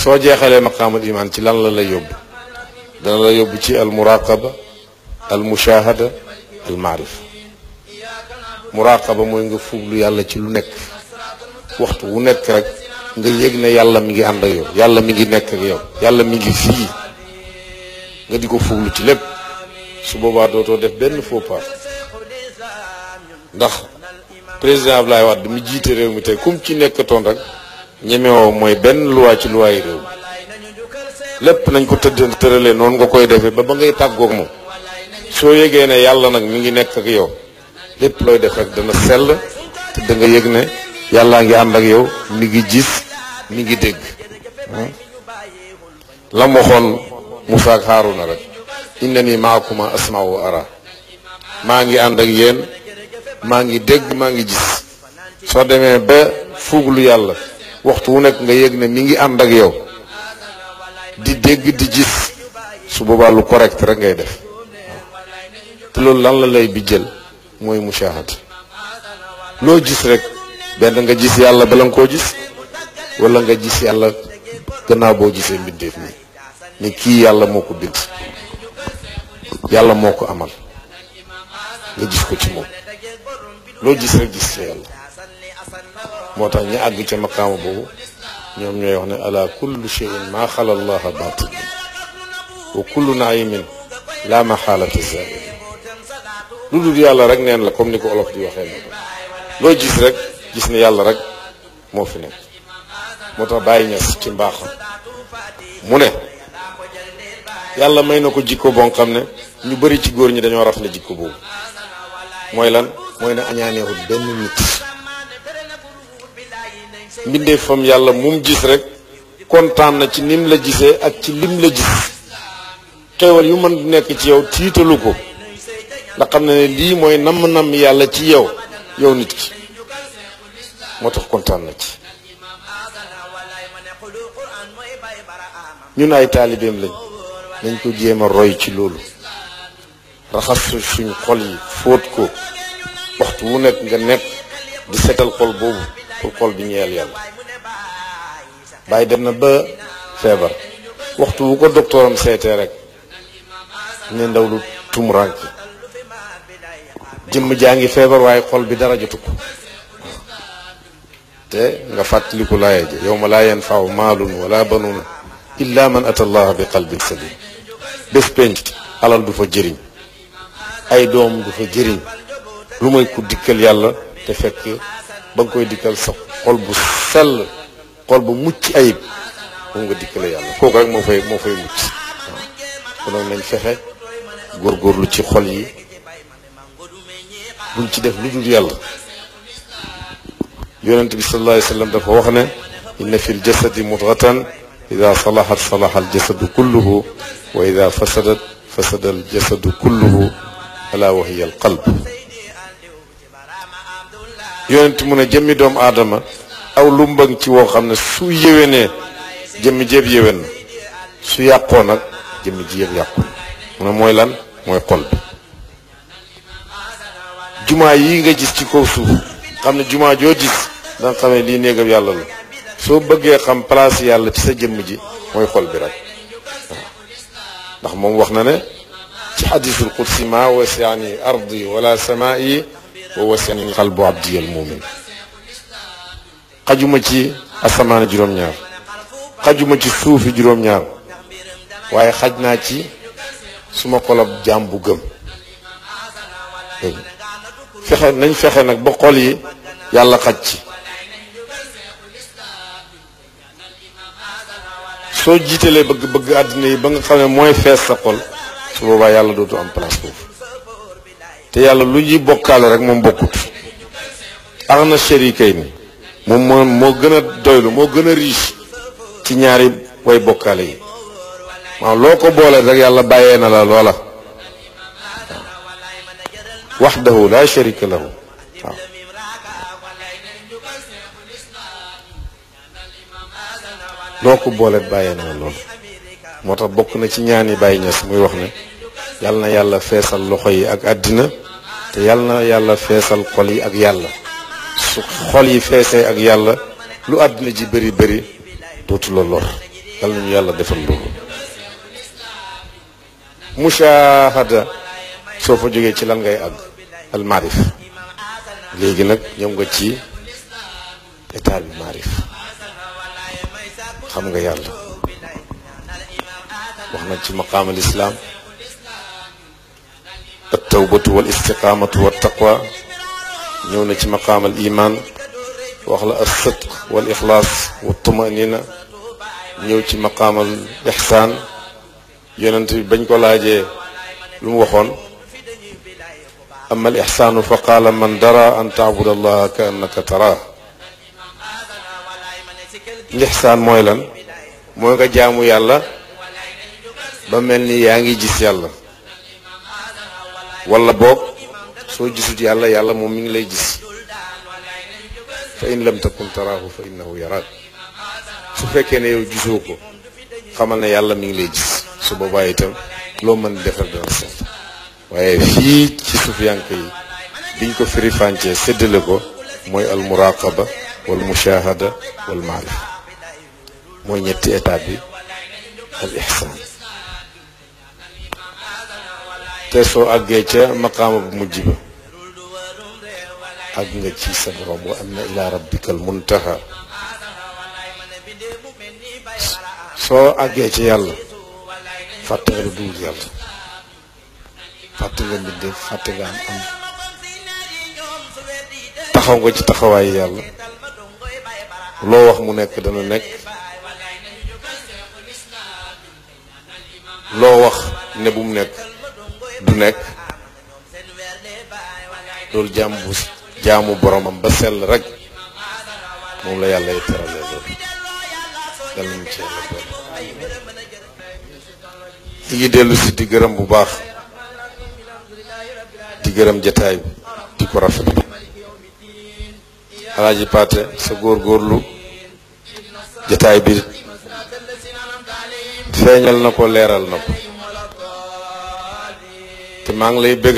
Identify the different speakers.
Speaker 1: soo maqam al iman ci lan la lay yob da la yob ci al muraqaba al mushahada al maarifa muraqaba moy nga fuglu yàlla ci lu nek waxtu wu nek rek nga yëg ne yàlla mi ngi ànd ak yow yàlla mi ngi nek ak yow yàlla mi ngi fi nga diko fuglu ci lépp su boba doto def ben faux pas ndax président Abdoulaye wad mi jité rew mi tay kum ci nek ton rek ñemewoo mooy benn luwaa ci luwaayu réew lépp nañ ko tëdd tëralee noonu nga koy defee ba ba ngay tàggoog moom soo yégee ne yàlla nag mi ngi nekk ak yow lépp looy def rek dana sell te da nga yëg ne yàllaa ngi ànd ak yow mi ngi gis mi ngi dégg hmm? lam waxoon Musaa ak Haaruna rek innani maakuma asma'u wa ara maa ngi ànd ak yéen maa ngi dégg maa ngi gis soo demee ba fuuglu yàlla waxtu wu nekk nga yëg ne mi ngi ànd ak yow di dégg di gis su boobaa lu correct rek ngay def te loolu lan la lay bi jël mooy mushahada loo jis rek benn nga gis yàlla bala nga koo gis wala nga gis yàlla gannaaw boo gisee mbindeef mi ni kii yàlla moo ko bind yàlla moo ko amal nga gis ko ci moom loo gis rek gis ci yàlla موتاخ ني اغي تي مقام بو نيوم ني وخني على كل شيء ما خلى الله باطل وكل نعيم لا محاله الزائل لودو يالا رك نين لا كوم نيكو اولوف دي وخي لو جيس رك جيس ني يالا رك مو في نيك موتاخ باي ني تي مباخ مو ني يالا ماي نكو جيكو بون خامنا ني بري تي غور ني دانيو رافلا جيكو بو موي لان موي ني اغنانيو بن نيت mbindeefam yàlla mu mum gis rek kontaan na ci nim la gisee ak ci lim la gis xéewal yu mën nekk ci yow tiitalu ko ndax xam na ne lii mooy namm-namm yàlla ci yow yow nit ki moo tax kontaan na ci ñun ay taalibeem lañ nañ ko jéem a roy ci loolu raxas suñ xol yi fóot ko waxtu wu nekk nga nekk di setal xol boobu pour xol bi ñeel yàlla bàyyi dem na ba feebar waxtu wu ko doktooram seetee rek ne ndaw lu tumuraank jëmm jaa ngi feebar waaye xol bi dara jotu ko te nga fàttaliku laaya ji yow ma laa yanfau maalun wala banuun illa man ata allaha bi qalbin salim bés penc alal du fa jëriñ ay doom du fa jëriñ lu may ku dikkal yàlla te fekk ba nga koy dikkal sa xol bu sell xol bu mucc ayib moom nga dikkale yàlla kooku rek moo fay moo fay mucc waaw kon nag nañ fexe góorgóorlu ci xol yi buñ ci def lu dul yàlla yonent bi sallallahu alayhi wa sallam dafa wax ne inna fi ljasadi mudghatan ida salahat salaha aljasadu kulluhu wa ida fasadat fasada aljasadu kulluhu ala wa hiya alqalb yonent mu ne jëmmi doomu aadama aw lumbang ci woo xam ne su yéwénee jëmmi jéeb yéwén na su yàqoo nag jëmmi ji yëpp yàqu mu ne mooy lan mooy xol bi jumaa yi nga gis ci kaw suuf xam ne jumaa joo gis da nga xamee lii néegam yàlla la soo bëggee xam place yàlla ci sa jëmm ji mooy xol bi rek ndax moom wax na ne ci xadisul qudsi maa wasiani ardi wala samaa'i wa seen xalbu abdiyal muumin xajuma ci asamaana juróom-ñaar xajuma ci suufi juróom-ñaar waaye xaj naa ci suma xolob jaam bu gëm fexe nañ fexe nag ba xol yi yàlla xaj ci soo jiitalee bëgg-bëgg àddina yi ba nga xam ne mooy fees sa xol su boobaa yàlla dootu am place foofu te yàlla lu ji bokkaale rek moom bokkut ana sharikay ni moom moo moo gën a doylu moo gën a riche ci ñaari way bokkaale yi maanaam loo ko boole rek yàlla bàyyee na la loola waxdahu la sharika lahu waaw loo ko boole bàyyee na la loola moo tax bokk na ci ñaani bàyyi ñas muy wax ne يالنا يالا فيصل لخوي اك ادنا تي يالنا يالا فيصل خولي اك يالا سو خولي فيسي اك يالا لو ادنا جي بري بري دوت لو لور يالنا يالا ديفال لو مشاهده سوفو جوغي تي لان غاي اك المعرف ليغي نك نيوغا تي etal maarif xam يالا yalla waxna ci maqam al islam التوبة والاستقامة والتقوى نونك مقام الإيمان وخلا الصدق والإخلاص والطمأنينة نونك مقام الإحسان ينتبه بنك ولاجه لموخون أما الإحسان فقال من درى أن تعبد الله كأنك تراه الإحسان مويلا مويلا جامو يالله بملني يانجي جيس الله wala boog soo gisut yàlla yàlla moom mi ngi lay gis fa in lam takun taraahu fa innahu yaraak su fekkee ne yow gisoo ko xamal na yàlla mi ngi lay gis su boobaa itam loo mën defar dana set waaye fii ci sufiyanke yi biñ ko firi fàncee séddale ko mooy al muraqaba wal mushahada wal maarifa mooy ñetti étape bi al ihsaan تسو أجيتا مقام مجيبة أجنجي سبرم وأن إلى ربك المنتهى سو أجيتا يلا فاتغل دول يلا فاتغل من دي فاتغل أم تخوان قوش تخواي يلا لوح منك دنونك لوح نبو منك du nekk loolu jaam bu jaamu boromam ba sell rek moom la yàlla yi terale loolu dal nañ ci yàlla li ngi dellu di gërëm bu baax di gërëm jataay bi rafet alaaji Paate sa góorgóorlu jataay bi na ko leeral na ko Mangli bigger